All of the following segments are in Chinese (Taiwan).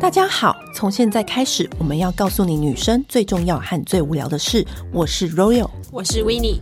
大家好，從現在開始，我們要告訴你女生最重要和最無聊的事。我是 Royal，我是 Winnie。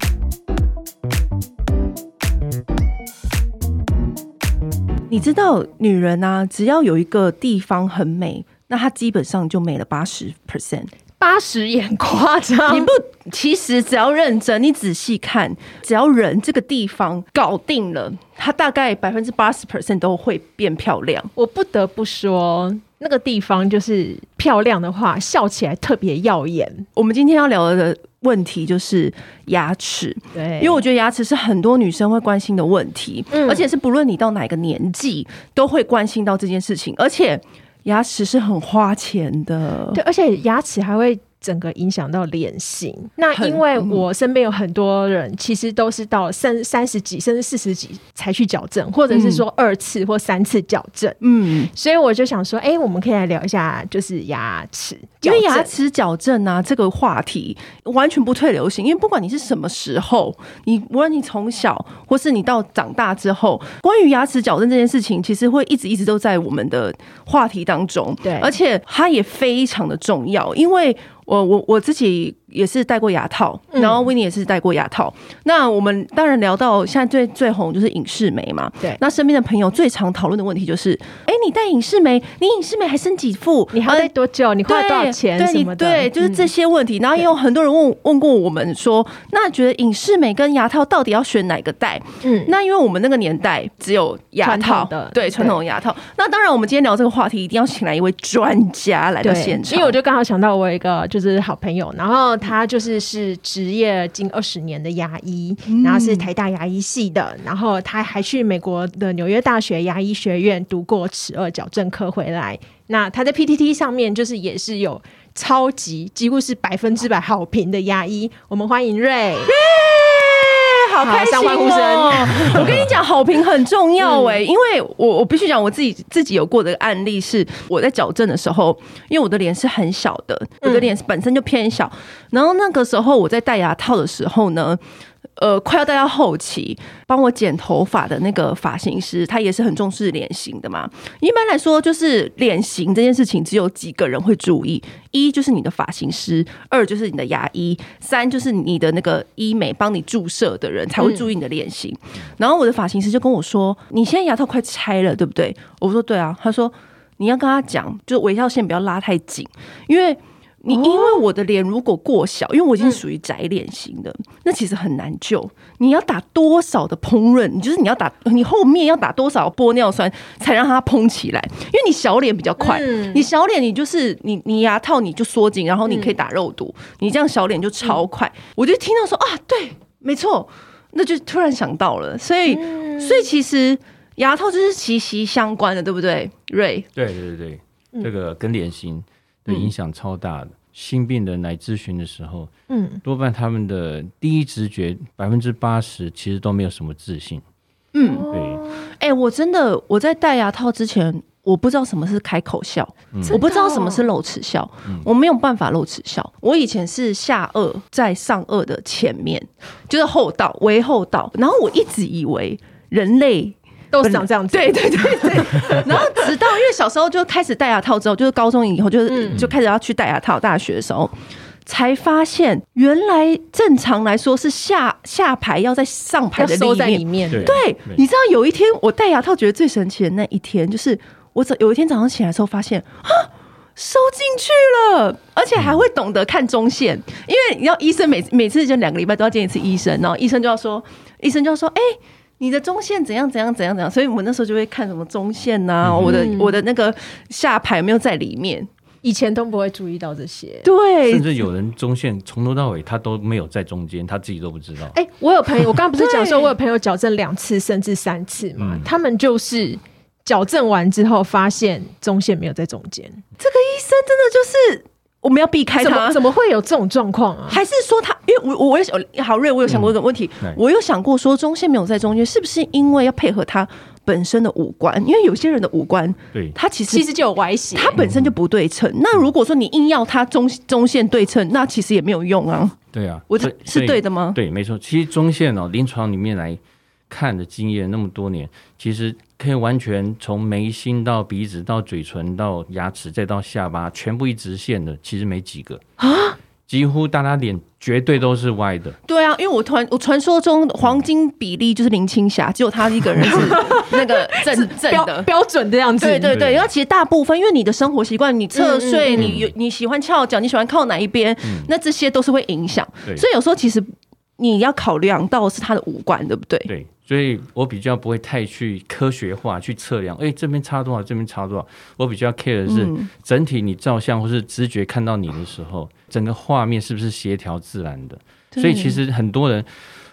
你知道，女人啊，只要有一個地方很美，那她基本上就美了八十 percent。八十，眼誇張。你不，其實只要認真，你仔細看，只要人這個地方搞定了，它大概百分之八十 percent 都會變漂亮。我不得不說，那個地方就是漂亮的話，笑起來特別耀眼。我們今天要聊的問題就是牙齒，對，因為我覺得牙齒是很多女生會關心的問題，嗯，而且是不論你到哪個年紀都會關心到這件事情，而且。牙齒是很花錢的，對，而且牙齒還會整個影響到臉型，那因為我身邊有很多人，其實都是到三三十幾甚至四十幾才去矯正，或者是說二次或三次矯正。嗯，所以我就想說，誒，我們可以來聊一下，就是牙齒，因為牙齒矯正呢，這個話題完全不退流行，因為不管你是什麼時候，你無論你從小或是你到長大之後，關於牙齒矯正這件事情，其實會一直一直都在我們的話題當中。對，而且它也非常的重要，因為。我我我自己。也是戴過牙套，然後 Winnie 也是戴過牙套。那我們當然聊到現在最最紅就是隱適美嘛。對，那身邊的朋友最常討論的問題就是：哎，你戴隱適美，你隱適美還剩幾副？你還要戴多久？你花多少錢？什麼的？對對，就是這些問題。然後也有很多人問問過我們說：那覺得隱適美跟牙套到底要選哪個戴？嗯，那因為我們那個年代只有牙套的，對，傳統牙套。那當然，我們今天聊這個話題一定要請來一位專家來到現場，因為我就剛好想到我一個就是好朋友，然後。他就是是職業近二十年的牙醫，嗯、然後是台大牙醫系的，然後他還去美國的紐約大學牙醫學院讀過齒顎矯正科回來。那他在 PTT 上面就是也是有超級幾乎是百分之百好評的牙醫，我們歡迎 Ray。 好開心哦、喔！ 我跟你講，好評很重要誒、欸。因為我我必須講我自己自己有過的案例是，我在矯正的時候，因為我的臉是很小的，我的臉本身就偏小，然後那個時候我在戴牙套的時候呢。呃，快要帶到後期，幫我剪頭髮的那個髮型師，他也是很重視臉型的嘛。一般來說，就是臉型這件事情，只有幾個人會注意：一就是你的髮型師，二就是你的牙醫，三就是你的那個醫美幫你注射的人才會注意你的臉型。嗯、然後我的髮型師就跟我說：“你現在牙套快拆了，對不對？”我說：“對啊。”他說：“你要跟他講，就微笑線不要拉太緊，因為。”你因為我的臉如果過小，哦、因為我已經屬於窄臉型的，嗯、那其實很難救。你要打多少的膨潤？你就是你要打，你後面要打多少玻尿酸才讓它膨起來？因為你小臉比較快，嗯、你小臉你就是你你牙套你就縮緊，然後你可以打肉毒，嗯、你這樣小臉就超快。嗯、我就聽到說啊，對，沒錯，那就突然想到了。所以、嗯、所以其實牙套就是息息相關的，對不對？Ray，對對對對，這個跟臉型。嗯對，影響超大的、嗯、新病人來諮詢的時候，嗯，多半他們的第一直覺百分之八十其實都沒有什麼自信。嗯，對，哎、欸，我真的我在戴牙套之前，我不知道什麼是開口笑，嗯、我不知道什麼是露齒笑，哦、我沒有辦法露齒笑。我以前是下顎在上顎的前面，就是戽斗、微戽斗。然後我一直以為人類都是長這樣子，對對對對， 然後。小時候就開始戴牙套，之後就是高中以後就，就是就開始要去戴牙套。大學的時候、嗯、才發現，原來正常來說是下下排要在上排的收在裡面。對，對，你知道有一天我戴牙套，覺得最神奇的那一天，就是我早有一天早上起來時候，發現啊，收進去了，而且還會懂得看中線，因為你要醫生每每次就兩個禮拜都要見一次醫生，然後醫生就要說，醫生就要說，哎、欸。你的中線怎樣怎樣怎樣怎樣，所以我們那時候就會看什麼中線啊。嗯、哼我的我的那個下排有沒有在裡面，以前都不會注意到這些，嗯、對，甚至有人中線從頭到尾他都沒有在中間，他自己都不知道。哎、欸，我有朋友，我剛剛不是講說我有朋友矯正兩次 對甚至三次嘛，嗯、他們就是矯正完之後發現中線沒有在中間，這個醫生真的就是。我們要避開他，怎麼會有這種狀況啊？還是說他？因為我我我，郝瑞，我有想過一個問題，我有想過說中線沒有在中間，是不是因為要配合他本身的五官？因為有些人的五官，對，他其實其實就有歪斜，他本身就不對稱。那如果說你硬要他中中線對稱，那其實也沒有用啊。對啊，我這是，是對的嗎？對，沒錯。其實中線哦，臨床裡面來。看的經驗那麼多年，其實可以完全從眉心到鼻子到嘴唇到牙齒再到下巴，全部一直線的，其實沒幾個啊。幾乎大家臉絕對都是歪的。對啊，因為我傳我傳說中黃金比例就是林青霞，只有她一個人是那個正正的、標準的樣子。對對對，因為其實大部分因為你的生活習慣，你側睡，你你喜歡翹腳，你喜歡靠哪一邊，那這些都是會影響。所以有時候其實你要考量到是他的五官，對不對？對。所以，我比較不會太去科學化去測量，哎、欸，這邊差多少，這邊差多少。我比較 care 的是、嗯、整體你照相或是直覺看到你的時候，整個畫面是不是協調自然的？對所以，其實很多人，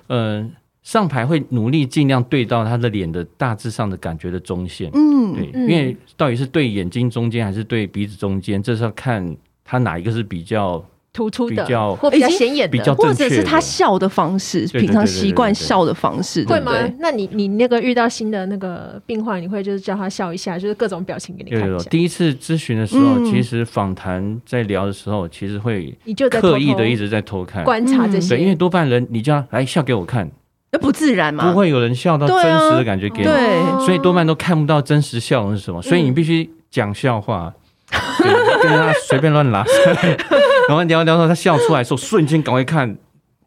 呃，上排會努力盡量對到他的臉的大致上的感覺的中線。嗯，對、嗯，因為到底是對眼睛中間還是對鼻子中間，這是要看他哪一個是比較。突出的或比較顯眼的，或者是他笑的方式，平常習慣笑的方式，對嗎？那你你那個遇到新的那個病患，你會就是叫他笑一下，就是各種表情給你看一下，對。第一次諮詢的時候，其實訪談在聊的時候，其實會你就刻意的一直在偷看觀察這些，因為多半人你叫他來笑給我看，那不自然嘛，不會有人笑到真實的感覺給你，對，所以多半都看不到真實笑容是什麼，所以你必須講笑話，跟他隨便亂拉。然後聊着聊着，他笑出來的時候，瞬間趕快看。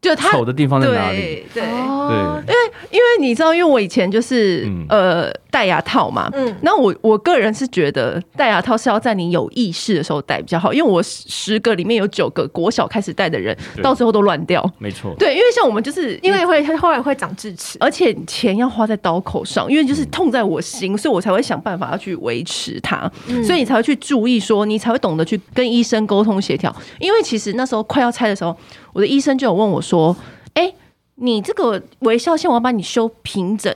就他醜的地方在哪裡？對，對，因為因為你知道，因為我以前就是呃戴牙套嘛，嗯，那我我個人是覺得戴牙套是要在你有意識的時候戴比較好，因為我十十個裡面有九個國小開始戴的人到最後都亂掉，沒錯，對，因為像我們就是因為會他後來會長智齒，而且錢要花在刀口上，因為就是痛在我心，所以我才會想辦法要去維持它，所以你才會去注意說，你才會懂得去跟醫生溝通協調，因為其實那時候快要拆的時候。我的醫生就有問我說：“哎、欸，你這個微笑線，我要把你修平整，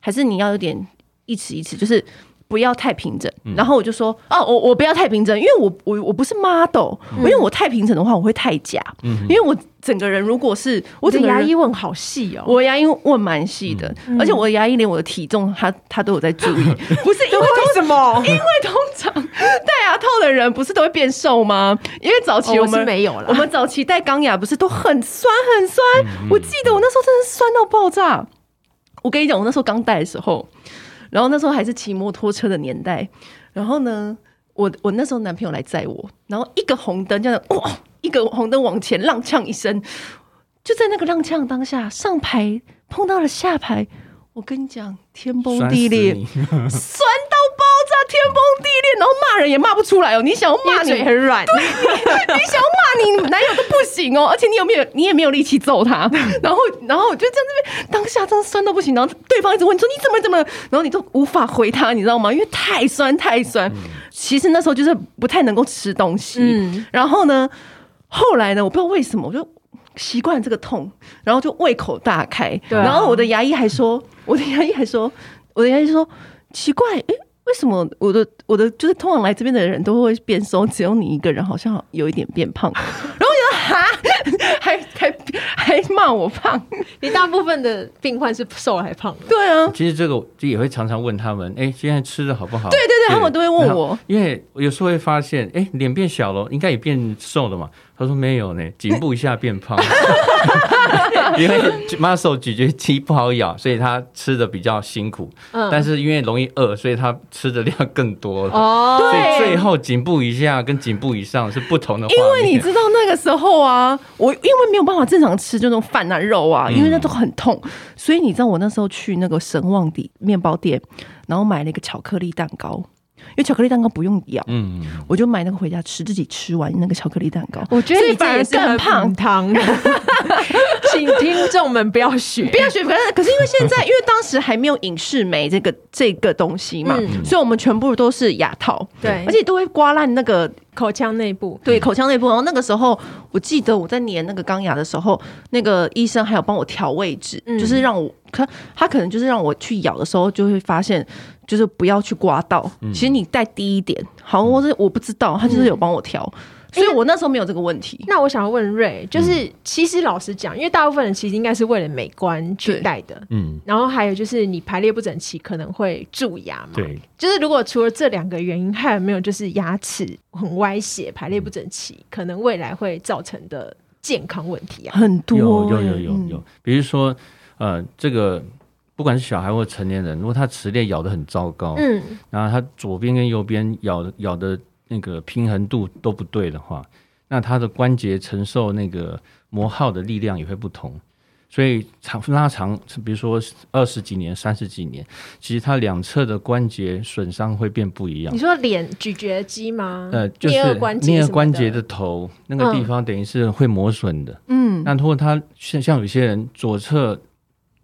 還是你要有點一尺一尺？”就是。不要太平整，嗯、然後我就說啊、哦，我我不要太平整，因為我我我不是 model，、嗯、因為我太平整的話我會太假，嗯、哼因為我整個人如果是我的牙醫問好細哦、喔，我牙醫問蠻細的，嗯、而且我的牙醫連我的體重他他都有在注意，嗯、不是因為，為什麼？因為通常戴牙套的人不是都會變瘦嗎？因為早期我們沒有了，哦、我們早期戴鋼牙不是都很酸很酸？嗯、哼我記得我那時候真的酸到爆炸，我跟你講，我那時候剛戴的時候。然後那時候還是騎摩托車的年代，然後呢，我我那時候男朋友來載我，然後一個紅燈這樣，叫、哦、哇，一個紅燈往前浪嗆一聲，就在那個浪嗆當下，上排碰到了下排，我跟你講，天崩地裂，酸死。 酸天崩地裂，然後罵人也罵不出來哦。你想要罵你很軟，對，你想要罵你男友都不行哦。 而且你有沒有，你也沒有力氣揍他。 然後，然後我就在那邊當下真的酸到不行。然後對方一直問你說：“你怎麼怎麼？”然後你就無法回他，你知道嗎？因為太酸，太酸。其實那時候就是不太能夠吃東西。嗯、然後呢，後來呢，我不知道為什麼，我就習慣這個痛，然後就胃口大開。對啊、然後我的牙醫還說，我的牙醫還說，我的牙醫說奇怪，誒為什麼我的我的就是通常來這邊的人都會變瘦，只有你一個人好像有一點變胖， 然後你說哈，還還還罵我胖。你大部分的病患是瘦還胖？對啊，其實這個其實也會常常問他們，哎、欸，現在吃的好不好？對對對，他們都會問我，因為有時候會發現，哎、欸，臉變小了，應該也變瘦了嘛？他說沒有呢，頸部一下變胖。 因為 muscle 咀嚼肌不好咬，所以他吃的比較辛苦。嗯，但是因為容易餓，所以他吃的量更多了。哦，所以最後頸部以下跟頸部以上是不同的。因為你知道那個時候啊，我因為沒有辦法正常吃就那種飯啊肉啊，因為那都很痛。嗯、所以你知道我那時候去那個神旺底麵包店，然後買了一個巧克力蛋糕。因為巧克力蛋糕不用咬，嗯，嗯，我就買那個回家吃，自己吃完那個巧克力蛋糕，我覺得這反而更胖。糖， 請聽眾們不要學，不要學。可是，可是因為現在，因為當時還沒有隱適美這個這個東西嘛，嗯、所以我們全部都是牙套，對，而且都會刮爛那個口腔內部，對，口腔內部。然後那個時候，我記得我在粘那個鋼牙的時候，那個醫生還有幫我調位置，嗯、就是讓我他他可能就是讓我去咬的時候，就會發現。就是不要去刮到，其實你戴低一點、嗯、好，或是我不知道，他就是有幫我調，嗯、所以我那時候沒有這個問題，欸那。那我想要問 Ray，就是其實老實講，嗯、因為大部分人其實應該是為了美觀去戴的。對，嗯，然後還有就是你排列不整齊，可能會蛀牙嘛。對，就是如果除了這兩個原因，還有沒有就是牙齒很歪斜、排列不整齊，可能未來會造成的健康問題啊？很多，有，有有有有，比如說呃，這個。不管是小孩或成年人，如果他齒列咬得很糟糕，嗯，然後他左邊跟右邊咬咬的那個平衡度都不對的話，那他的關節承受那個磨耗的力量也會不同，所以長拉長，比如說二十幾年、三十幾年，其實他兩側的關節損傷會變不一樣。你說臉咀嚼肌嗎？呃，就是顳顎關節的頭那個地方，等於是會磨損的。嗯，那如果他像像有些人左側。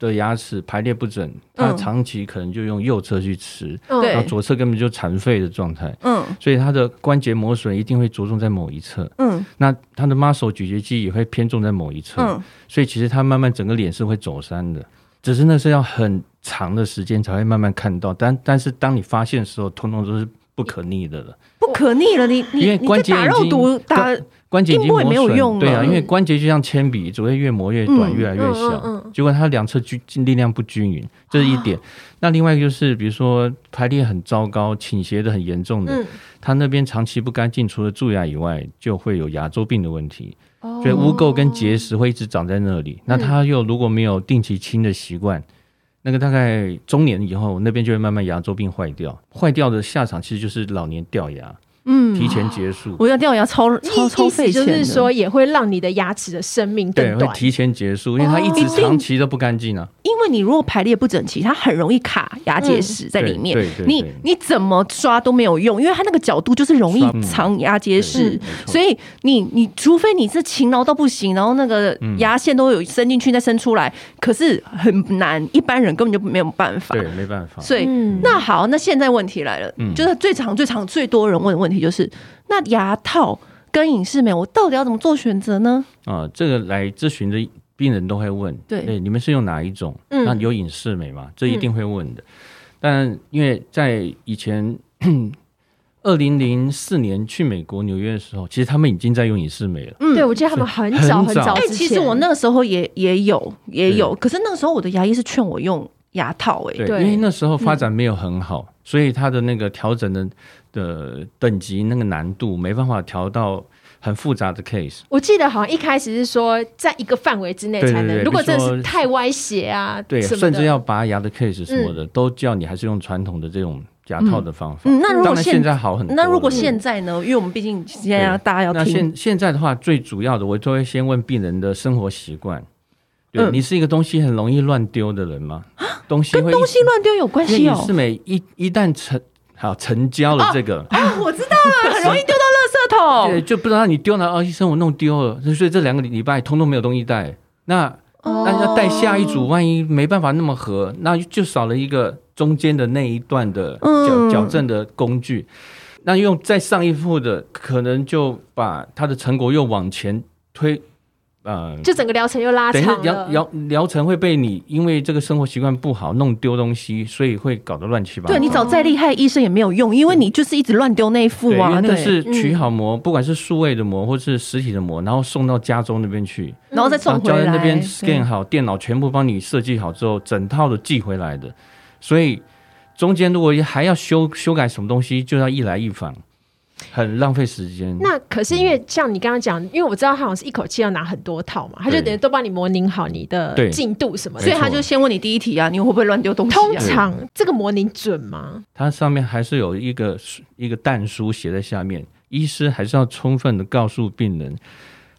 的牙齒排列不整，他長期可能就用右側去吃，嗯、然後左側根本就殘廢的狀態。嗯，所以他的關節磨損一定會着重在某一側。嗯，那他的 muscle 咀嚼肌也會偏重在某一側。嗯、所以其實他慢慢整個臉是會走山的，只是那是要很長的時間才會慢慢看到。但但是當你發現的時候，通通都是不可逆的了，不可逆了。你你因為關節已經關節已經磨損，沒有用了，對啊，因為關節就像鉛筆，只會越磨越短，嗯、越來越小。嗯嗯嗯、結果它兩側均力量不均勻，這是一點。啊、那另外一個就是，比如說排列很糟糕、傾斜得很嚴重的，嗯、它那邊長期不乾淨，除了蛀牙以外，就會有牙周病的問題。嗯、所以污垢跟結石會一直長在那裡。哦、那它又如果沒有定期清的習慣，嗯、那個大概中年以後，那邊就會慢慢牙周病壞掉。壞掉的下場其實就是老年掉牙。嗯，提前結束。我要掉牙，超超費錢。就是說，也會讓你的牙齒的生命更短。對，會提前結束，因為它一直長期都不乾淨啊、欸。因為你如果排列不整齊，它很容易卡牙結石在裡面。嗯、對對對對你你怎麼刷都沒有用，因為它那個角度就是容易藏牙結石。嗯、對對對，所以你你除非你是勤勞到不行，然後那個牙線都有伸進去再伸出來，嗯、可是很難，一般人根本就沒有辦法。對，沒辦法。所以、嗯、那好，那現在問題來了，嗯、就是最長、最長、最多人問的問題。就是那牙套跟隱適美，我到底要怎麼做選擇呢？啊、呃，這個來諮詢的病人都會問。對、欸，你們是用哪一種？嗯、那有隱適美嗎？這一定會問的。嗯、但因為在以前，二零零四年去美國紐約的時候，其實他們已經在用隱適美了。嗯，以對，我記得他們很早很早。哎、欸，其實我那個時候也也有也有，也有對可是那時候我的牙醫是勸我用牙套、欸。哎，對，因為那時候發展沒有很好，嗯、所以他的那個調整的。的等級那個難度沒辦法調到很複雜的 case。我記得好像一開始是說在一個範圍之內才能，對對對如,如果真的是太歪斜啊，對，甚至要拔牙的 case 什麼的，嗯、麼的都叫你還是用傳統的這種牙套的方法。嗯嗯、那如果現在,現在好很多、嗯，那如果現在呢？因為我們畢竟現在要對大家要聽。那現現在的話，最主要的我都會先問病人的生活習慣。對、嗯、你是一個東西很容易亂丟的人嗎？啊，東西跟東西亂丟有關係哦。是每一一,一旦成。好，成交了這個啊，啊！我知道了，很容易丟到垃圾桶。 對，就不知道你丟哪。哦，醫生，我弄丟了，所以這兩個禮拜通通沒有東西戴。那、哦、那要戴下一組，萬一沒辦法那麼合，那就少了一個中間的那一段的矯、嗯、矯正的工具。那用再上一副的，可能就把它的成果又往前推。呃，嗯、就整個療程又拉長了。等一下，療療療程會被你因為這個生活習慣不好弄丟東西，所以會搞得亂七八糟。對，你找再厲害醫生也沒有用，嗯、因為你就是一直亂丟那一副啊。對，那是取好膜，嗯、不管是數位的膜或是實體的膜，然後送到加州那邊去，然後再送回來、啊、那邊 scan 好對電腦，全部幫你設計好之後，整套的寄回來的。所以中間如果還要修修改什麼東西，就要一來一返。很浪費時間。那可是因為像你剛剛講，嗯、因為我知道他好像是一口氣要拿很多套嘛，對他就等於都幫你模擬好你的進度什麼的。所以他就先問你第一題啊，你會不會亂丟東西、啊？通常這個模擬準嗎？它上面還是有一個一個但書寫在下面，醫師還是要充分的告訴病人，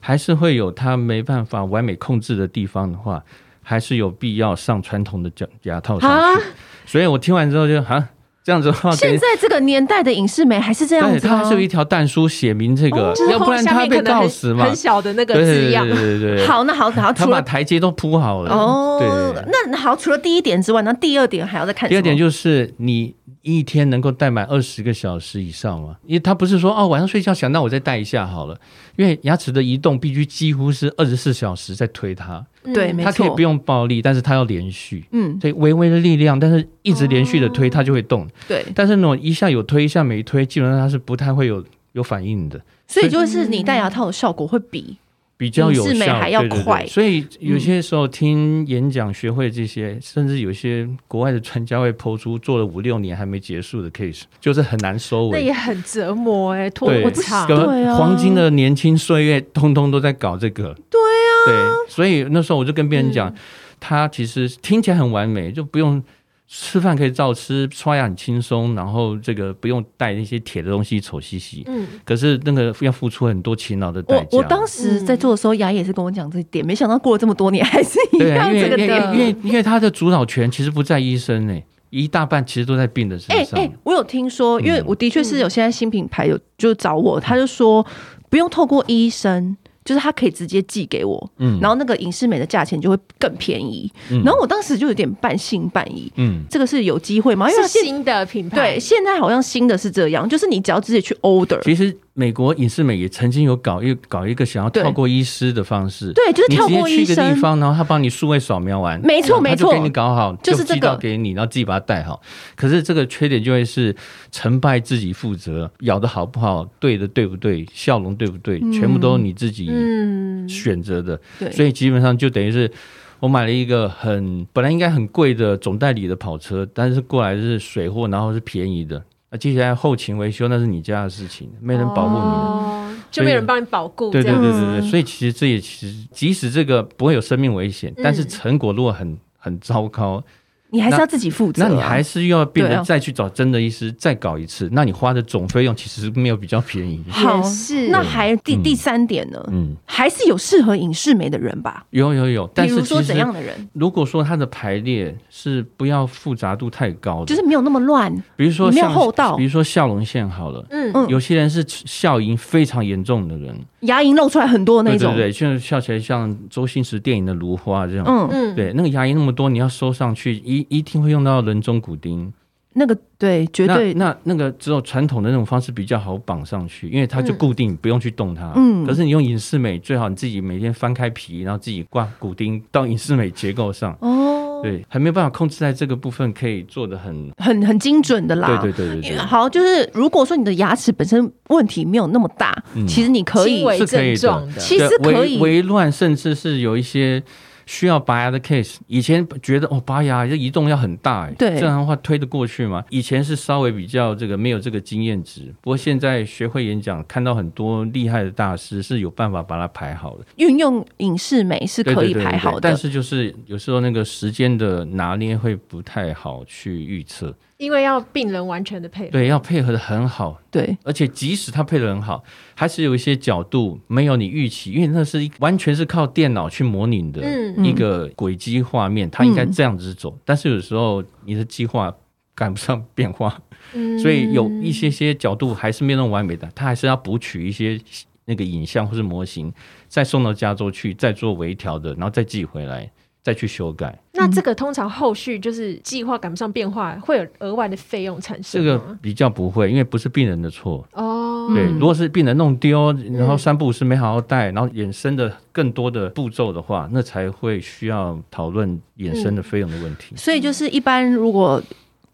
還是會有他沒辦法完美控制的地方的話，還是有必要上傳統的假牙套上去。啊、所以我聽完之後就啊。這樣子的話，現在這個年代的影視美還是這樣子。但是，有一條但書寫明這個，要不然他被告死嘛？很小的那個字樣。對對對，對,對,對，好，那好，好，他把台階都鋪好了。哦，對對對，那好，除了第一點之外，那第二點還要再看什麼？第二點就是你，一天能夠戴滿二十個小時以上嗎？因為他不是說哦晚上睡覺想到我再戴一下好了，因為牙齒的移動必須幾乎是二十四小時在推它。對、嗯，沒錯。它可以不用暴力，嗯、但是它要連續。嗯，所以微微的力量，但是一直連續的推，它、哦、就會動。對，但是那種一下有推，一下沒推，基本上它是不太會有有反應的。所以就是你戴牙套的效果會比。嗯比較有效，對，對、對，所以有些時候聽演講學會這些，嗯、甚至有些國外的專家會拋出做了五六年還沒結束的 case，就是很難收尾，嗯、那也很折磨哎、欸，拖對不長。個啊，黃金的年輕歲月通通都在搞這個。對啊對，所以那時候我就跟別人講，嗯、他其實聽起來很完美，就不用。吃飯可以照吃，刷牙很輕鬆，然後這個不用帶那些鐵的東西醜兮兮。嗯、可是那個要付出很多勤勞的代價。我當時在做的時候，嗯、牙醫也是跟我講這點，沒想到過了這麼多年還是一樣這個點。因為因為因為他的主導權其實不在醫生呢，一大半其實都在病的身上。誒誒、欸欸，我有聽說，因為我的確是有現在新品牌有就找我，他就說不用透過醫生。就是他可以直接寄給我，嗯、然後那個隱適美的價錢就會更便宜，嗯、然後我當時就有點半信半疑，嗯、這個是有機會嗎？因為現是新的品牌，對，現在好像新的是這樣，就是你只要直接去 order，其實。美國隱適美也曾經有搞一搞一個想要跳過醫師的方式，對，就是你直接去一個地方，就是、然後他幫你數位掃描完，沒錯沒錯，他就給你搞好，就寄到給你，這個、然後自己把它帶好。可是這個缺點就會是成敗自己負責，咬的好不好，對的對不對，笑容對不對，嗯、全部都是你自己選擇的。嗯嗯、對，所以基本上就等於是我買了一個很本來應該很貴的總代理的跑車，但是過來是水貨，然後是便宜的。接下來後勤維修，那是你家的事情，沒人保護你，哦，就沒人幫你保護。對對對對對，所以其實這也其實，即使這個不會有生命危險，嗯、但是成果如果很很糟糕。你還是要自己負責，那你還是要變得再去找真的醫師，再搞一次。那你花的總費用其實沒有比較便宜。好，是，那還第第三點呢？嗯，還是有適合隱適美的人吧。有有有，但是說怎樣的人？如果說它的排列是不要複雜度太高，就是沒有那麼亂。比如說沒有戽斗，比如說笑容線好了。嗯嗯，有些人是笑齦非常嚴重的人，牙齦露出來很多那種。對對對，就是笑起來像周星馳電影的如花這樣。嗯嗯，對，那個牙齦那麼多，你要收上去一一定會用到人中骨釘，那個對，絕對那那，那個只有傳統的那種方式比較好綁上去，因為它就固定，嗯、不用去動它。嗯，可是你用隱適美，最好你自己每天翻開皮，然後自己掛骨釘到隱適美結構上。哦，對，還沒有辦法控制在這個部分，可以做得很很很精準的啦。對對對對，對，好，就是如果說你的牙齒本身問題沒有那麼大，嗯、其實你可以是可以的，其實可以微亂，甚至是有一些。需要拔牙的 case，以前覺得哦，拔牙這移動要很大對這樣的話推得過去嗎？以前是稍微比較這個沒有這個經驗值，不過現在學會演講，看到很多厲害的大師是有辦法把它排好的，運用隱適美是可以排好的。對對對對，但是就是有時候那個時間的拿捏會不太好去預測。因為要病人完全的配合，對，要配合得很好，對，而且即使他配得很好，還是有一些角度沒有你預期，因為那是完全是靠電腦去模擬的一個軌跡畫面，嗯，它應該這樣子走，嗯，但是有時候你的計劃趕不上變化，嗯，所以有一些些角度還是沒有那麼完美的，他還是要補取一些那個影像，或是模型，再送到加州去，再做微調的，然後再寄回來。再去修改，那這個通常後續就是計劃趕不上變化，嗯、會有額外的費用產生。這個比較不會，因為不是病人的錯哦。對，如果是病人弄丟，然後三不五時沒好好帶，嗯、然後衍生的更多的步驟的話，那才會需要討論衍生的費用的問題、嗯。所以就是一般如果。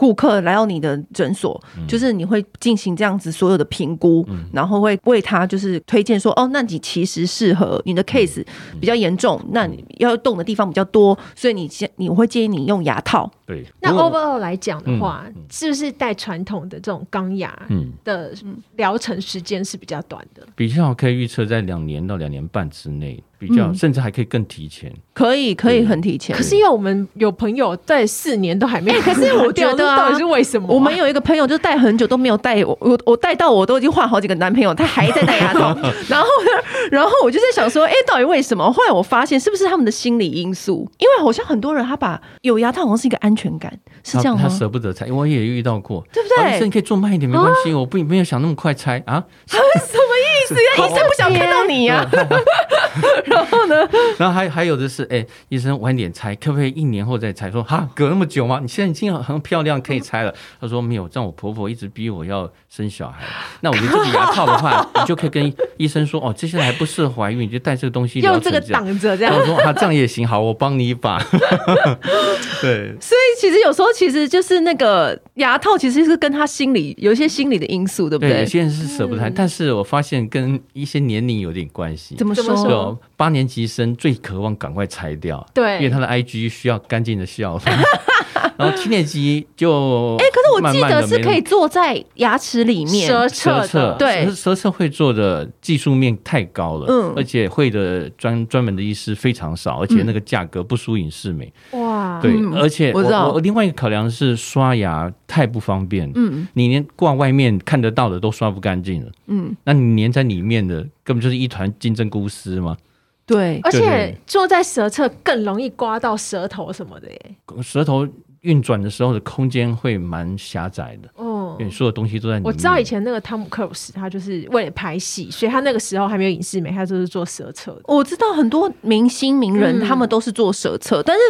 顧客來到你的診所，嗯、就是你會進行這樣子所有的評估，嗯、然後會為他就是推薦說，哦，那你其實適合你的 case 比較嚴重，嗯嗯、那你要動的地方比較多，嗯、所以你建，我會建議你用牙套。對，不過，那 overall 來講的話，嗯、是不是帶傳統的這種鋼牙的療程時間是比較短的？嗯嗯嗯、比較好，可以預測在兩年到兩年半之內。比較，甚至還可以更提前，嗯、可以可以很提前。啊、可是因為我們有朋友戴四年都還沒、欸，可是我覺得、啊、 到底是為什麼、啊？我們有一個朋友就戴很久都沒有戴我，我我我戴到我都已經換好幾個男朋友，他還在戴牙套。 然後呢，然後我就在想說，哎、欸，到底為什麼？後來我發現，是不是他們的心理因素？因為好像很多人他把有牙套，好像是一個安全感，是這樣嗎？他，他捨不得拆，因為我也遇到過，對不對？反正、啊、你可以做慢一點沒關係，啊、我並沒有想那麼快拆啊。什麼意思？ 意思醫生不想看到你呀、啊， 然後呢？ 然後還還有的是，哎、欸，醫生晚點拆，可不可以一年後再拆？說哈，隔那麼久嗎？你現在已經很漂亮，可以拆了。 他說沒有，這樣我婆婆一直逼我要生小孩。 那我覺得這個牙套的話，你就可以跟醫生說哦，接下來還不適合懷孕，你就戴這個東西，用這個擋着。這樣我說啊，這樣也行，好，我幫你一把。 對，所以其實有時候其實就是那個牙套，其實是跟他心理有一些心理的因素，對不對？有些人是捨不得，但是我發現。跟一些年齡有點關係，怎麼說呢？八年級生最渴望趕快拆掉，對，因為他的 IG 需要乾淨的笑。然後七年級就哎，可是我記得是可以坐在牙齒裡面舌側，對，舌側會做的技術面太高了，而且會的專專門的醫師非常少，而且那個價格不輸隱適美，哇，對，而且我我另外一個考量是刷牙太不方便，嗯，你連掛外面看得到的都刷不乾淨了，嗯，那你粘在裡面的根本就是一團金針菇絲嘛，對，而且坐在舌側更容易刮到舌頭什麼的，哎，舌頭。運轉的時候的空間會蠻狹窄的哦，因為、嗯、所有東西都在你。我知道以前那個湯姆克魯斯，他就是為了拍戲，所以他那個時候還沒有隱適美，他就是做舌側。我知道很多明星名人他們都是做舌側，嗯、但是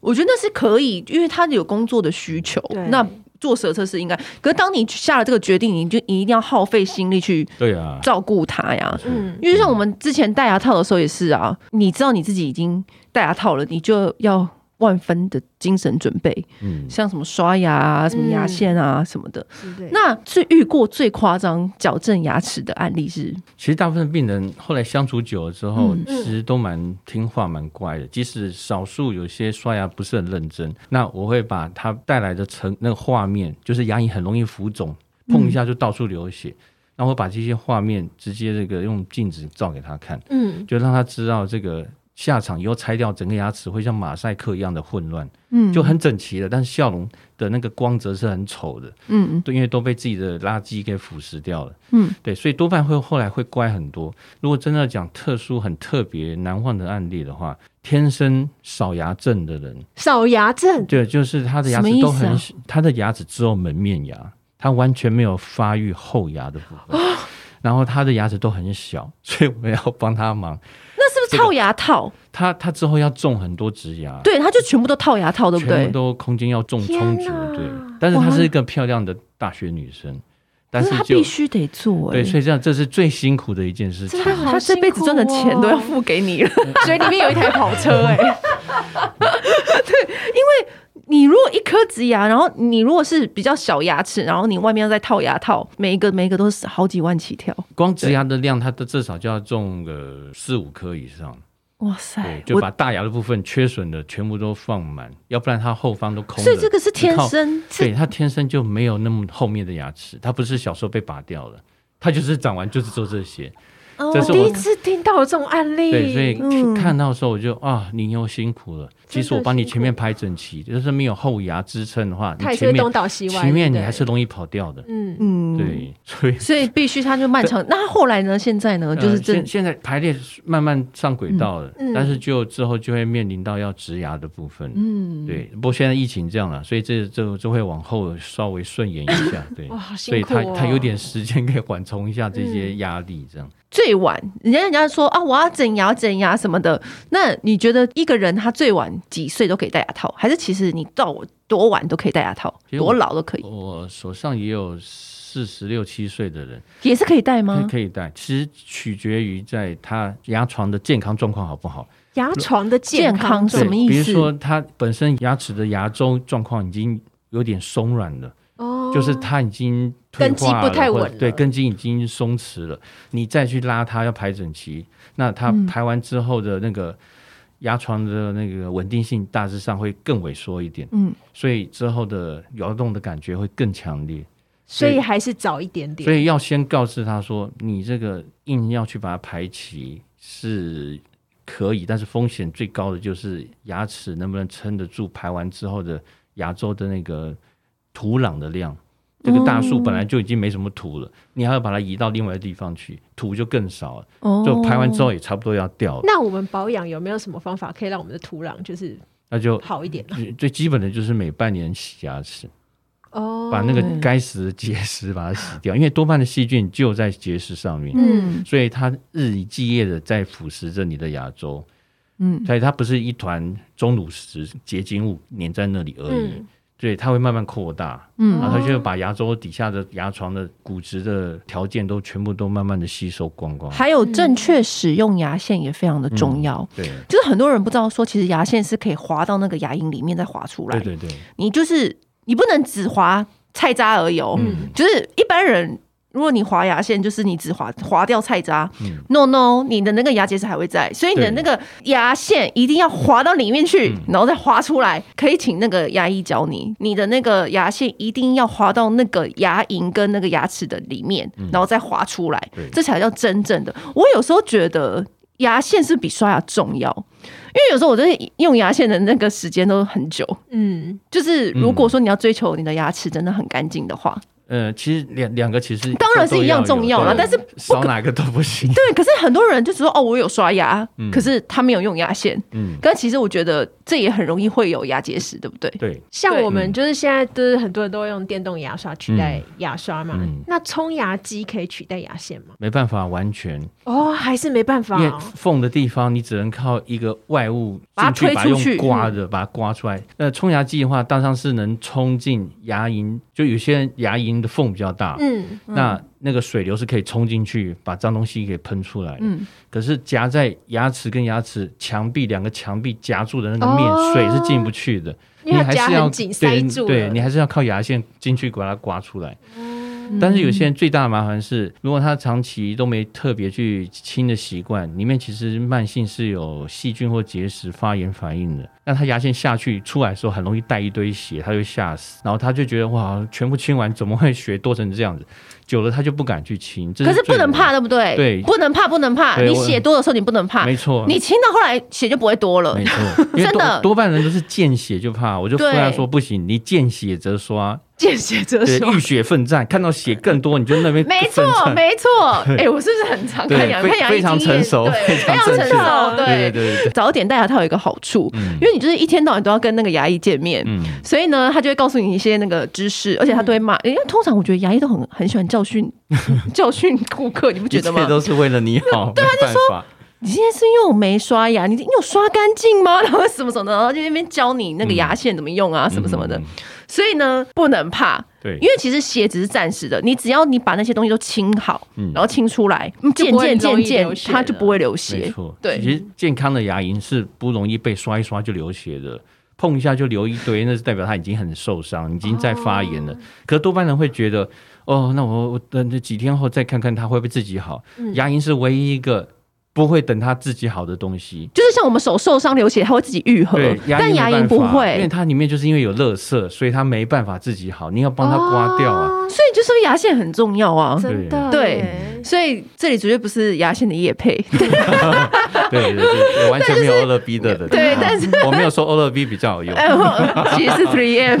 我覺得那是可以，因為他有工作的需求，嗯、那做舌側是應該。可是當你下了這個決定，你就你一定要耗費心力去對呀照顧他呀，啊、嗯，是因為像我們之前戴牙套的時候也是啊，你知道你自己已經戴牙套了，你就要。萬分的精神準備，嗯、像什麼刷牙啊、什麼牙線啊什麼的。嗯、那最遇過最誇張矯正牙齒的案例是，其實大部分病人後來相處久了之後，嗯、其實都蠻聽話、蠻乖的。即使少數有些刷牙不是很認真，那我會把他帶來的成那個畫面，就是牙齦很容易浮腫，碰一下就到處流血，那、嗯、我把這些畫面直接這個用鏡子照給他看，嗯，就讓他知道這個。下場以後拆掉整個牙齒會像馬賽克一樣的混亂，嗯，就很整齊的，但是笑容的那個光澤是很醜的，嗯，對，因為都被自己的垃圾給腐蝕掉了，嗯，對，所以多半會後來會乖很多。如果真的講特殊很特別難忘的案例的話，天生少牙症的人，少牙症，對，就是他的牙齒都很，啊、他的牙齒只有門面牙，他完全沒有發育後牙的部分，哦、然後他的牙齒都很小，所以我們要幫他忙。是不是套牙套？這個、她她之後要種很多植牙，對，她就全部都套牙套，對不對？都空間要種充足，哪對。但是她是一個漂亮的大學女生，哇但是她必須得做、欸，對，所以這樣這是最辛苦的一件事情。真的好辛苦、哦、這輩子賺的錢都要付給你了，所 以裡面有一台跑車、欸，哎， 對，因為。你如果一顆植牙，然後你如果是比較小牙齒，然後你外面要再套牙套，每一個每一個都是好幾萬起跳。光植牙的量，它的至少就要種個四五顆以上。哇塞，就把大牙的部分缺損的我 全部都放滿，要不然它後方都空了。所以這個是天生，靠這 對，它天生就沒有那麼後面的牙齒，它不是小時候被拔掉了，它就是長完就是做這些。哦我，我第一次聽到有這種案例，對，所以、嗯、看到的時候我就啊，你又辛苦了。其實我幫你前面排整齊，就是沒有後牙支撐的話，你前面前面，你還是容易跑掉的。嗯嗯，對，所以所以必須它就漫長。那後來呢？現在呢？就是正現在排列慢慢上軌道了，但是就之後就會面臨到要植牙的部分。嗯，對。不過現在疫情這樣了，所以這這就會往後稍微順延一下。對，所以他他有點時間可以緩衝一下這些壓力，這樣最晚人家，人家說啊，我要整牙整牙什麼的。那你覺得一個人他最晚？幾歲都可以戴牙套？還是其實你到我多晚都可以戴牙套，多老都可以。我，我手上也有四十六七歲的人，也是可以戴嗎？可以戴。其實取決於在他牙床的健康狀況好不好。牙床的健康是什麼意思？比如說他本身牙齒的牙周狀況已經有點鬆軟了，哦，就是他已經根基不太穩，對，根基已經鬆弛、嗯、弛了。你再去拉它要排整齊，那它排完之後的那個。嗯牙床的那個穩定性大致上會更萎縮一點，嗯，所以之後的搖動的感覺會更強烈，所以還是早一點點，所以，所以要先告訴他說，你這個硬要去把它排齊是可以，但是風險最高的就是牙齒能不能撐得住排完之後的牙周的那個土壤的量。這個大樹本來就已經沒什麼土了，oh. 你還要把它移到另外的地方去，土就更少了。Oh. 就排完之後也差不多要掉了。那我們保養有沒有什麼方法可以讓我們的土壤就是那就好一點？最基本的就是每半年洗牙齒，哦，oh. 把那個該死的結石把它洗掉，因為多半的細菌就在結石上面， 嗯，所以它日以繼夜的在腐蝕着你的牙周，嗯，所以它不是一團鐘乳石結晶物粘在那裡而已。嗯對，它會慢慢擴大，嗯，然後它就把牙周底下的牙床的骨質的條件都全部都慢慢的吸收光光。還有正確使用牙線也非常的重要，嗯、對，就是很多人不知道說，其實牙線是可以滑到那個牙齦裡面再滑出來，對對對，你就是你不能只滑菜渣而已，嗯，就是一般人。如果你劃牙線，就是你只劃劃掉菜渣。嗯、no No，你的那個牙結石還會在，所以你的那個牙線一定要劃到裡面去，對 然後再劃出來。可以請那個牙醫教你，你的那個牙線一定要劃到那個牙齦跟那個牙齒的裡面，然後再劃出來，對 這才叫真正的。我有時候覺得牙線是比刷牙重要，因為有時候我覺得用牙線的那個時間都很久。嗯，就是如果說你要追求你的牙齒真的很乾淨的話。呃、嗯，其實兩兩個其實個當然是一樣重要了，但是刷哪個都不行。 對，可是很多人就是說，哦，我有刷牙，嗯、可是他沒有用牙線。嗯，可是其實我覺得這也很容易會有牙結石，對不對？對，像我們就是現在都是很多人都用電動牙刷取代牙刷嘛，嗯、那沖牙機可以取代牙線嗎？沒辦法完全哦，還是沒辦法，牙縫的地方你只能靠一個外物。把進去，去把它用刮的，嗯、把它刮出來。那沖牙機的話，當然是能沖進牙齦，就有些人牙齦的縫比較大，嗯，嗯那那個水流是可以沖進去把髒東西給噴出來，嗯，可是夾在牙齒跟牙齒牆壁兩個牆壁夾住的那個面，哦、水是進不去的，你，你還是要對，對，你還是要靠牙線進去把它刮出來。嗯但是有些人最大的麻煩是，如果他長期都沒特別去清的習慣，裡面其實慢性是有細菌或結石、發炎反應的。那他牙線下去出來的時候，很容易帶一堆血，他就嚇死，然後他就覺得哇，全部清完怎麼會血多成這樣子？久了他就不敢去清。這是可是不能怕，對不對？對，不能，不能怕，不能怕。你血多的時候你不能怕，沒錯錯。你清到後來血就不會多了， 沒錯，因為真的。多半人都是見血就怕，我就跟他說不行，對你見血則刷。見血哲學，浴血奮戰，看到血更多，你就那邊。沒錯，沒錯。哎，我是不是很常看牙？看牙醫非常成熟，非常成熟。對對，早點帶他，他有一個好處，因為你就是一天到晚都要跟那個牙醫見面，所以呢，他就會告訴你一些那個知識，而且他都會罵，因為通常我覺得牙醫都很很喜歡教訓教訓顧客，你不覺得嗎？都是為了你好。對他就說你今天是因為我沒刷牙，你你有刷乾淨嗎？然後什麼什麼的，然後就那邊教你那個牙線怎麼用啊，什麼什麼的。所以呢，不能怕，對，因為其實血只是暫時的。你只要你把那些東西都清好，然後清出來，你漸漸漸漸，它就，就不會流血。沒錯，對，其實健康的牙齦是不容易被刷一刷就流血的，碰一下就流一堆，那是代表它已經很受傷， 已經在發炎了。可是多半人會覺得，哦，那我等這幾天後再看看它會不會自己好。嗯，牙齦是唯一一個。不會等它自己好的東西，就是像我們手受傷流血，它會自己癒合，對但牙齦不會，因為它裡面就是因為有垃圾，所以它沒辦法自己好，你要幫它刮掉啊。Oh, 對所以就說牙線很重要啊，真的對，所以這裡絕對不是牙線的業配，對， 對,對,對，我完全沒有歐樂 B 的 對，但是我沒有說歐樂 B 比較好有用，其實 three M。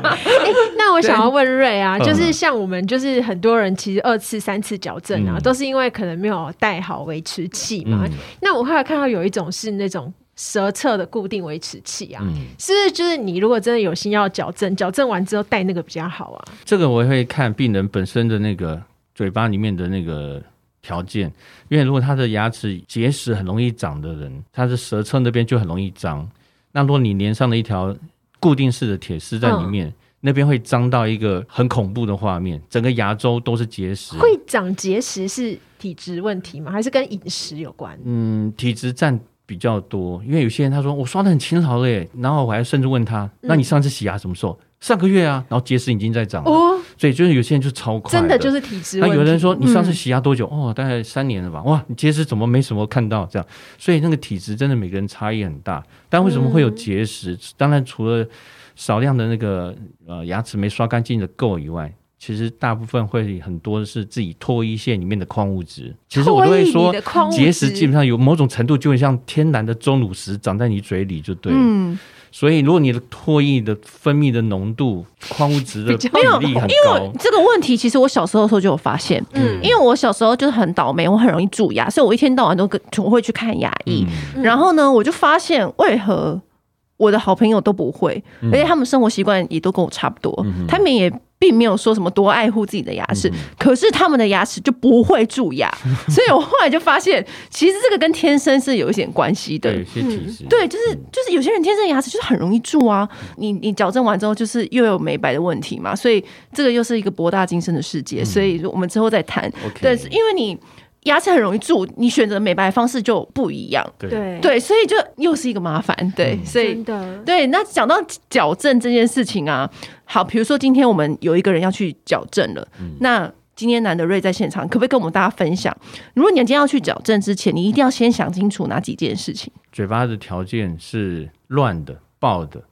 Ho, 那我想要問瑞啊，對就是像我們就是很多人其實二次三次矯正啊，嗯、都是因為可能沒有戴好維持器嘛。嗯、那我後來看到有一種是那種舌側的固定維持器啊，嗯、是不是就是你如果真的有心要矯正，矯正完之後戴那個比較好啊？這個我也會看病人本身的那個嘴巴裡面的那個條件，因為如果他的牙齒結石很容易長的人，他的舌側那邊就很容易髒。那如果你連上了一條固定式的鐵絲在裡面。嗯那邊會髒到一個很恐怖的畫面，整個牙周都是結石。會長結石是體質問題嗎？還是跟飲食有關？嗯，體質佔比較多，因為有些人他說我刷得很勤勞嘞，然後我還甚至問他，嗯、那你上次洗牙什麼時候？上個月啊，然後結石已經在長了，哦、所以就是有些人就超快，真的就是體質。那有人說你上次洗牙多久？嗯、哦，大概三年了吧？哇，你結石怎麼沒什麼看到？這樣，所以那個體質真的每個人差異很大。但為什麼會有結石？嗯、當然除了。少量的那個呃牙齒沒刷乾淨的垢以外，其實大部分會很多是自己唾液腺裡面的礦物質。其實我都會說結石基本上有某種程度就會像天然的鐘乳石長在你嘴裡就對了。嗯，所以如果你的唾液的分泌，的濃度礦物質的比比較沒有，因為這個問題其實我小時候的時候就有發現。嗯，因為我小時候就是很倒霉，我很容易蛀牙，所以我一天到晚都總會去看牙醫。嗯，然後呢，我就發現為何。我的好朋友都不會，而且他們生活習慣也都跟我差不多，嗯、哼他們也並沒有說什麼多愛護自己的牙齒，嗯、哼可是他們的牙齒就不會蛀牙，嗯、哼所以我後來就發現，其實這個跟天生是有一點關係的。對、 嗯，對，就是就是有些人天生牙齒就是很容易蛀啊，你你矯正完之後就是又有美白的問題嘛，所以這個又是一個博大精深的世界，所以我們之後再談。嗯 okay。對，是因為你。牙齒很容易蛀，你選擇美白的方式就不一樣。對對，所以就又是一個麻煩。對，嗯、所以的對。那講到矯正這件事情啊，好，比如說今天我們有一個人要去矯正了，嗯、那今天難得 Ray 在現場，可不可以跟我們大家分享，如果你今天要去矯正之前，你一定要先想清楚哪幾件事情？嘴巴的條件是亂的、暴的。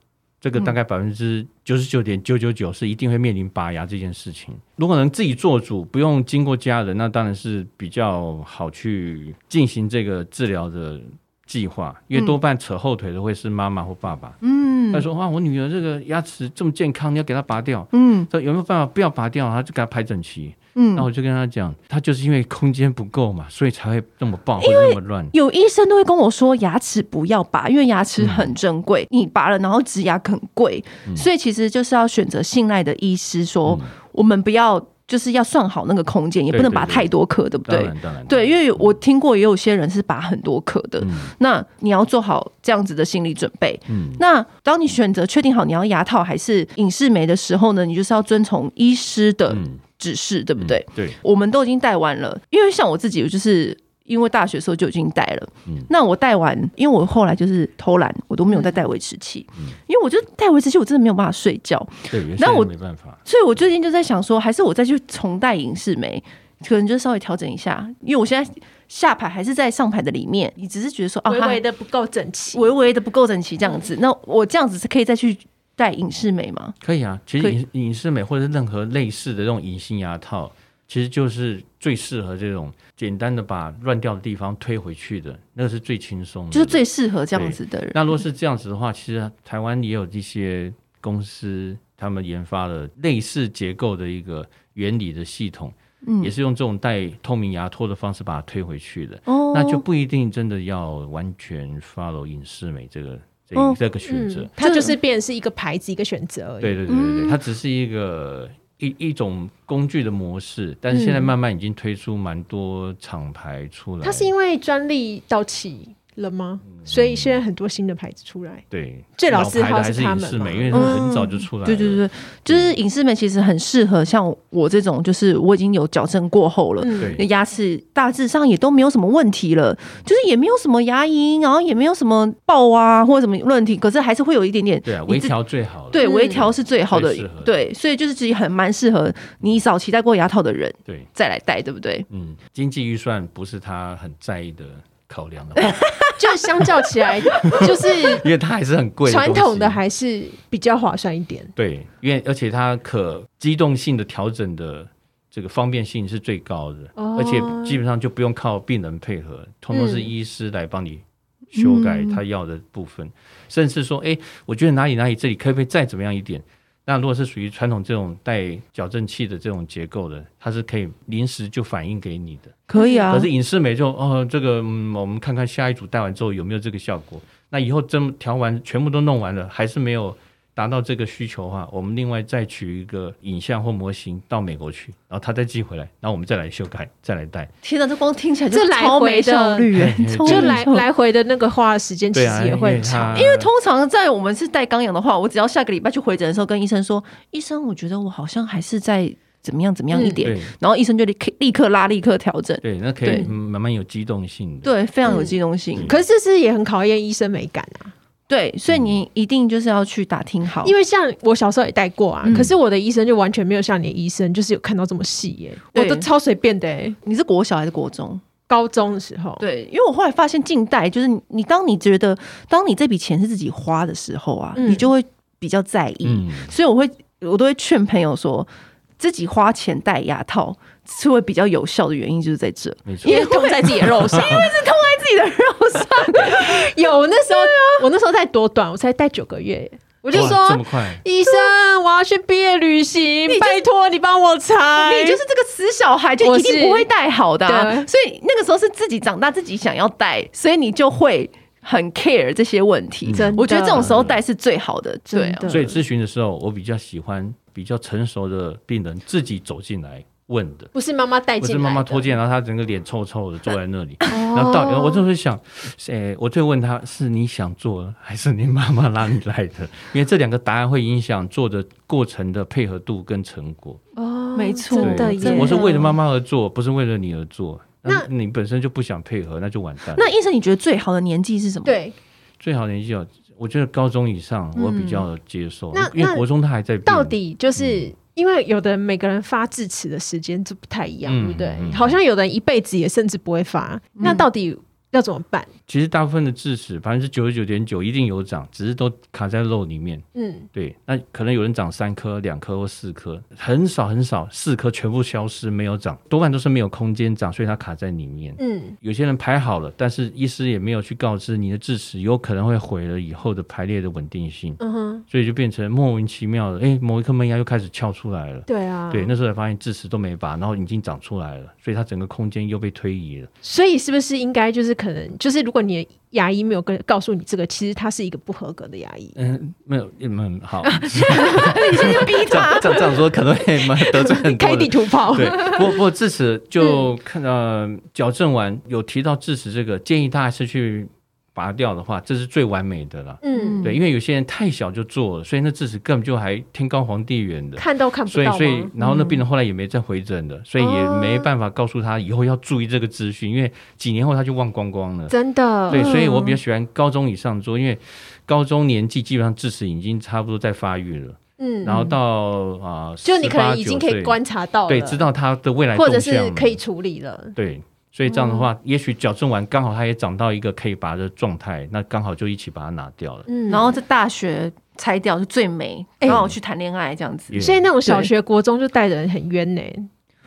這個大概百分之九十九點九九九是一定會面臨拔牙這件事情。如果能自己做主，不用經過家人，那當然是比較好去進行這個治療的計劃。因為多半扯後腿的會是媽媽或爸爸。嗯，他說：“哇，我女兒這個牙齒這麼健康，你要給她拔掉？”嗯，說有沒有辦法不要拔掉，他就給她排整齊。嗯，那我就跟他講，他就是因為空間不夠嘛，所以才會這麼暴，會那麼亂。有醫生都會跟我說，牙齒不要拔，因為牙齒很珍貴，你拔了，然後植牙很貴，所以其實就是要選擇信賴的醫師，說我們不要，就是要算好那個空間，也不能拔太多顆，對不對？對，因為我聽過，也有些人是拔很多顆的。那你要做好這樣子的心理準備。嗯，那當你選擇確定好你要牙套還是隱適美的時候呢，你就是要遵從醫師的。只是對不對？嗯、對，我們都已經戴完了。因為像我自己，我就是因為大學的時候就已經戴了。嗯、那我戴完，因為我後來就是偷懶，我都沒有再戴維持器。嗯、因為我就戴維持器，我真的沒有辦法睡覺。嗯、我對，那我沒辦法，所以我最近就在想說，還是我再去重戴隱適美？可能就稍微調整一下。因為我現在下排還是在上排的裡面，你只是覺得說啊，微微的不夠整齊，啊，微微的不夠整齊這樣子。嗯、那我這樣子是可以再去。帶隱適美嗎？可以啊，其實隱適隱適美或者是任何類似的這種隱形牙套，以其實就是最適合這種簡單的把亂掉的地方推回去的，那個是最輕鬆、那個，的，就是最適合這樣子的人。那如果是這樣子的話，其實台灣也有一些公司，他們研發了類似結構的一個原理的系統，嗯、也是用這種帶透明牙托的方式把它推回去的。哦、嗯，那就不一定真的要完全 follow 隱適美這個。這個選擇，哦嗯、它就是變成是一個牌子，嗯、一個選擇而已。對對對對對，它只是一個一一種工具的模式，但是現在慢慢已經推出蠻多廠牌出來、嗯。它是因為專利到期。了嗎？所以現在很多新的牌子出來，對，最老字號是他們牌的是，因為很早就出來了、嗯。對對對，就是隱適美其實很適合像我這種，就是我已經有矯正過後了，嗯、那牙齒大致上也都沒有什麼問題了，嗯、就是也沒有什麼牙齦，然後也沒有什麼爆啊或什麼問題，可是還是會有一點點。對，啊、對，嗯、微調最好。對，微調是最好的。的對，所以就是自己很蠻適合你早期戴過牙套的人，對，再來戴，對，對不對？嗯，經濟預算不是他很在意的。考量了， 就相較起來，就是因為它還是很貴，傳統的還是比較划算一點。對，因為而且它可機動性的調整的這個方便性是最高的，而且基本上就不用靠病人配合，通通是醫師來幫你修改他要的部分，甚至說，哎，我覺得哪裡哪裡這裡可不可以再怎麼樣一點。那如果是屬於傳統這種帶矯正器的這種結構的，它是可以臨時就反映給你的，可以啊。可是隱適美就哦，這個嗯，我們看看下一組戴完之後有沒有這個效果。那以後真調完全部都弄完了，還是沒有。達到這個需求的話，我們另外再取一個影像或模型到美國去，然後他再寄回來，然後我們再來修改，再來戴。天哪，這光聽起來就超沒效率耶！就來來回的那個花的時間其實也會很長。因為通常在我們是戴鋼牙的話，我只要下個禮拜去回診的時候跟醫生說，醫生，我覺得我好像還是在怎麼樣怎麼樣一點，然後醫生就立立刻拉，立刻調整。對，那可以慢慢有機動性的，對，非常有機動性。可是這是也很考驗醫生美感啊。對，所以你一定就是要去打聽好，嗯、因為像我小時候也戴過啊，可是我的醫生就完全沒有像你的醫生，就是有看到這麼細耶，欸，對我都超隨便的，欸、你是國小還是國中？高中的時候。對，因為我後來發現，近代就是你，當你覺得當你這筆錢是自己花的時候啊，嗯、你就會比較在意。嗯、所以我會，我都會勸朋友說，自己花錢戴牙套。是會比較有效的原因，就是在這，因為痛在自己的肉上，因為是痛在自己的肉上。有那時候，我那時候帶多短，我才帶九個月，我就說，「醫生，我要去畢業旅行，拜託你幫我拆。」你就是這個死小孩，就一定不會帶好的啊。所以那個時候是自己長大，自己想要帶，所以你就會很 care 這些問題。我覺得這種時候帶是最好的，真的。所以諮詢的時候，我比較喜歡比較成熟的病人自己走進來。問的不是媽媽帶進，不是媽媽拖進。然後他整個臉臭臭的坐在那裡，然後到底我就會想，誒，我就問他，是你想做還是你媽媽拉你來的？因為這兩個答案會影響做的過程的配合度跟成果。哦，沒錯，我是為了媽媽而做，不是為了你而做。那你本身就不想配合，那就完蛋。那醫生，你覺得最好的年紀是什麼？對，最好的年紀，我覺得高中以上我比較接受，因為國中他還在到底就是。因為有的人每個人發智齒的時間就不太一樣，對不、嗯嗯、對？好像有的人一輩子也甚至不會發，嗯、那到底？要怎麼辦？其實大部分的智齒，百分之九十九點九一定有長，只是都卡在肉裡面。嗯，對。那可能有人長三顆、兩顆或四顆，很少很少四顆全部消失沒有長，多半都是沒有空間長，所以它卡在裡面。嗯，有些人排好了，但是醫師也沒有去告知你的智齒有可能會毀了以後的排列的穩定性。嗯哼，所以就變成莫名其妙的，哎、欸，某一顆門牙又開始翹出來了。對啊，對，那時候才發現智齒都沒拔，然後已經長出來了，所以它整個空間又被推移了。所以是不是應該就是？可能就是如果你的牙醫沒有跟告訴你這個，其實他是一個不合格的牙醫。嗯，沒有，們、嗯、好， 你先逼他這樣。這樣說可能會得罪很多開地圖炮。 對，不不支持，智齒就看呃，矯正完有提到智齒這個建議，大家還是去。拔掉的話，這是最完美的了。嗯，對，因為有些人太小就做了，所以那智齒根本就還天高皇帝遠的，看都看不到。所以，所以然後那病人後來也沒再回診的，嗯、所以也沒辦法告訴他以後要注意這個資訊，嗯、因為幾年後他就忘光光了。真的，對，所以我比較喜歡高中以上做，嗯、因為高中年紀基本上智齒已經差不多在發育了。嗯，然後到啊，呃、就你可能已經可以觀察到18，對，知道他的未來動向或者是可以處理了，對。所以這樣的話，嗯、也許矯正完剛好他也長到一個可以拔的狀態，那剛好就一起把它拿掉了。嗯，然後在大學拆掉是最美，嗯、然後去談戀愛這樣子。嗯、現在那種小學、國中就戴的人很冤哎。對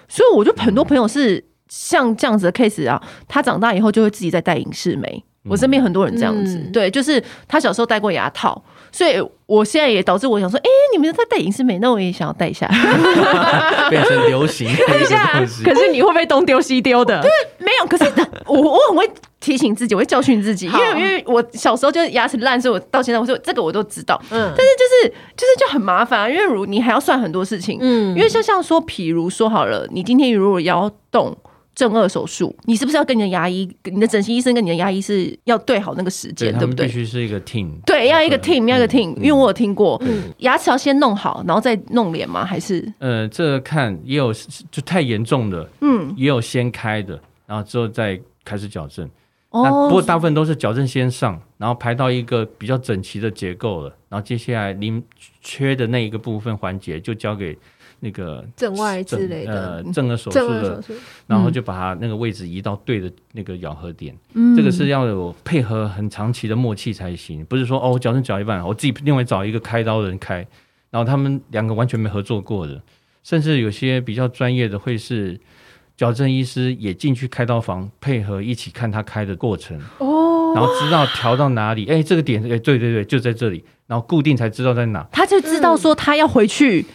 所以我就很多朋友是像這樣子的 case 啊，嗯、他長大以後就會自己再戴隱適美。嗯、我身邊很多人這樣子，嗯、對，就是他小時候戴過牙套。所以，我現在也導致我想說，哎、欸，你們在戴隱適美，那我也想要戴一下， 變成流行。等一下，可是你會不會東丟西丟的？對，沒有。可是我我很會提醒自己，我會教訓自己，因為好因為我小時候就牙齒爛，所以我到現在，我說這個我都知道。嗯，但是就是就是就很麻煩啊，因為如果你還要算很多事情，嗯，因為像像說，比如說好了，你今天如果要動。正顎手術，你是不是要跟你的牙醫、你的整形醫生跟你的牙醫是要對好那個時間，對,對不對？必須是一個 team，對，要一個 team，、嗯、要一個 team。因為我有聽過，嗯嗯、牙齒要先弄好，然後再弄臉嗎？還是？呃，這個、看也有，就太嚴重的，嗯，也有先開的，然後之後再開始矯正、哦那。不過大部分都是矯正先上，然後排到一個比較整齊的結構了，然後接下來臨缺的那一個部分環節就交給。那個正外之類的，呃，正顎手術的，的手術然後就把他那個位置移到對的那個咬合點。嗯，這個是要有配合很長期的默契才行。不是說哦，我矯正矯一半，我自己另外找一個開刀人開，然後他們兩個完全沒合作過的。甚至有些比較專業的，會是矯正醫師也進去開刀房，配合一起看他開的過程。哦，然後知道調到哪裡，哎、欸，這個點，哎、欸，對，對對對，就在這裡，然後固定才知道在哪。他就知道說他要回去。嗯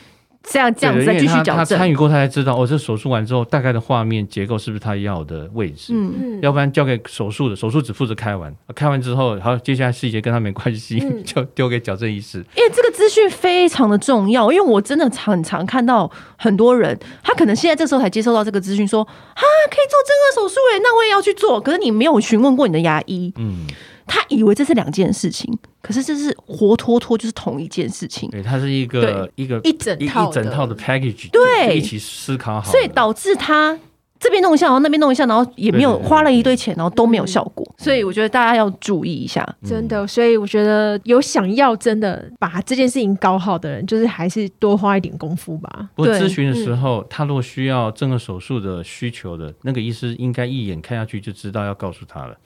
這樣這樣這樣子，再繼續矯正。他參與過，他才知道。哦。這手術完，之後，大概的畫面結構是不是他要的位置？嗯嗯。要不然交給手術的，手術只負責開完，開完之後，好，接下來細節跟他沒關係，嗯、就丟給矯正醫師。因為這個資訊非常的重要，因為我真的很常看到很多人，他可能現在這時候才接收到這個資訊，說、哦、啊，可以做這個手術誒，那我也要去做。可是你沒有詢問過你的牙醫，嗯。他以為這是兩件事情，可是這是活脫脫就是同一件事情。對，它是一個一個一整一整套的 package，對，一起思考好。所以導致他這邊弄一下，然後那邊弄一下，然後也沒有花了一堆錢，然後都沒有效果。所以我覺得大家要注意一下，真的。所以我覺得有想要真的把這件事情搞好的人，就是還是多花一點功夫吧。不過諮詢的時候，他如果需要整個手術的需求的那個醫師應該一眼看下去就知道要告訴他了。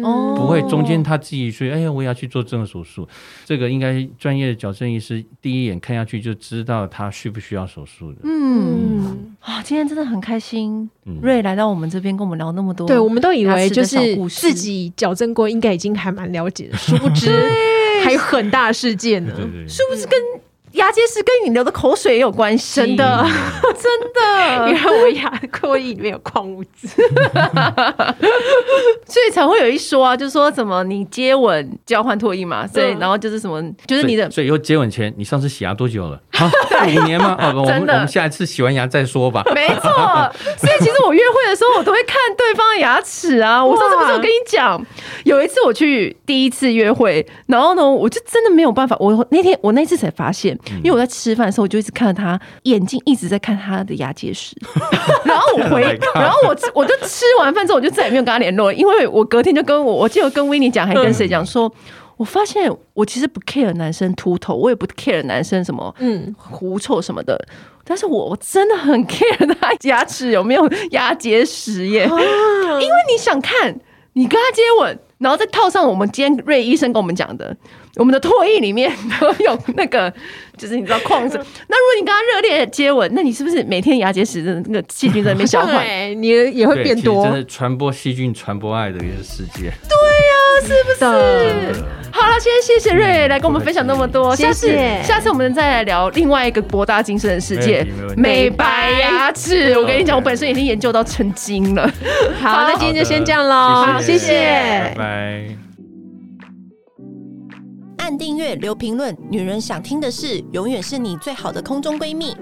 哦、不會，中間他自己說：“哎呀，我也要去做正手術。”這個應該專業的矯正醫師第一眼看下去就知道他需不需要手術的。嗯，哇、嗯，今天真的很開心，Ray、嗯、來到我們這邊跟我們聊那麼多，對，我們都以為就是自己矯正過，應該已經還蠻了解的，殊不知還有很大世界呢，殊 對不知跟。嗯牙結石跟你流的口水也有關係，嗯、真的，嗯、真的。你看對 我牙唾液裡面有礦物質， 所以才會有一說啊，就是說什麼你接吻交換唾液嘛，嗯、所以然後就是什麼，就是你的。所以所以以後接吻前，你上次洗牙多久了？啊、五年嗎？啊、我們真的，我們下一次洗完牙再說吧。沒錯。所以其實我約會的時候，我都會看對方的牙齒啊。我上次不是跟你講，哇有一次我去第一次約會，然後呢，我就真的沒有辦法。我那天我那次才發現。因為我在吃飯的時候，我就一直看著他眼睛，一直在看他的牙結石， 然後我回，oh、然後我我就吃完飯之後，我就再也沒有跟他聯絡，因為我隔天就跟我，我記得我跟 Winnie 講，還跟誰講說，說 我發現我其實不 care 男生禿頭，我也不 care 男生什麼嗯狐臭什麼的，嗯、但是我真的很 care 他牙齒有沒有牙結石耶， 因為你想看，你跟他接吻。然後再套上我們今天 Ray 醫生跟我們講的，我們的唾液裡面都有那個，就是你知道礦物質 那如果你跟他熱烈接吻，那你是不是每天牙結石的那個細菌在那邊消化，你也，也會變多？真的傳播細菌，傳播愛的一個世界。是不是？好了，今天謝謝瑞來跟我們分享那麼多，謝謝。下次我們再來聊另外一個博大精深的世界——美白牙齒。我跟你講，我本身已經研究到成精了。好，那今天就先這樣嘍，謝謝，拜拜。按訂閱，留評論，女人想聽的事，永遠是你最好的空中閨蜜。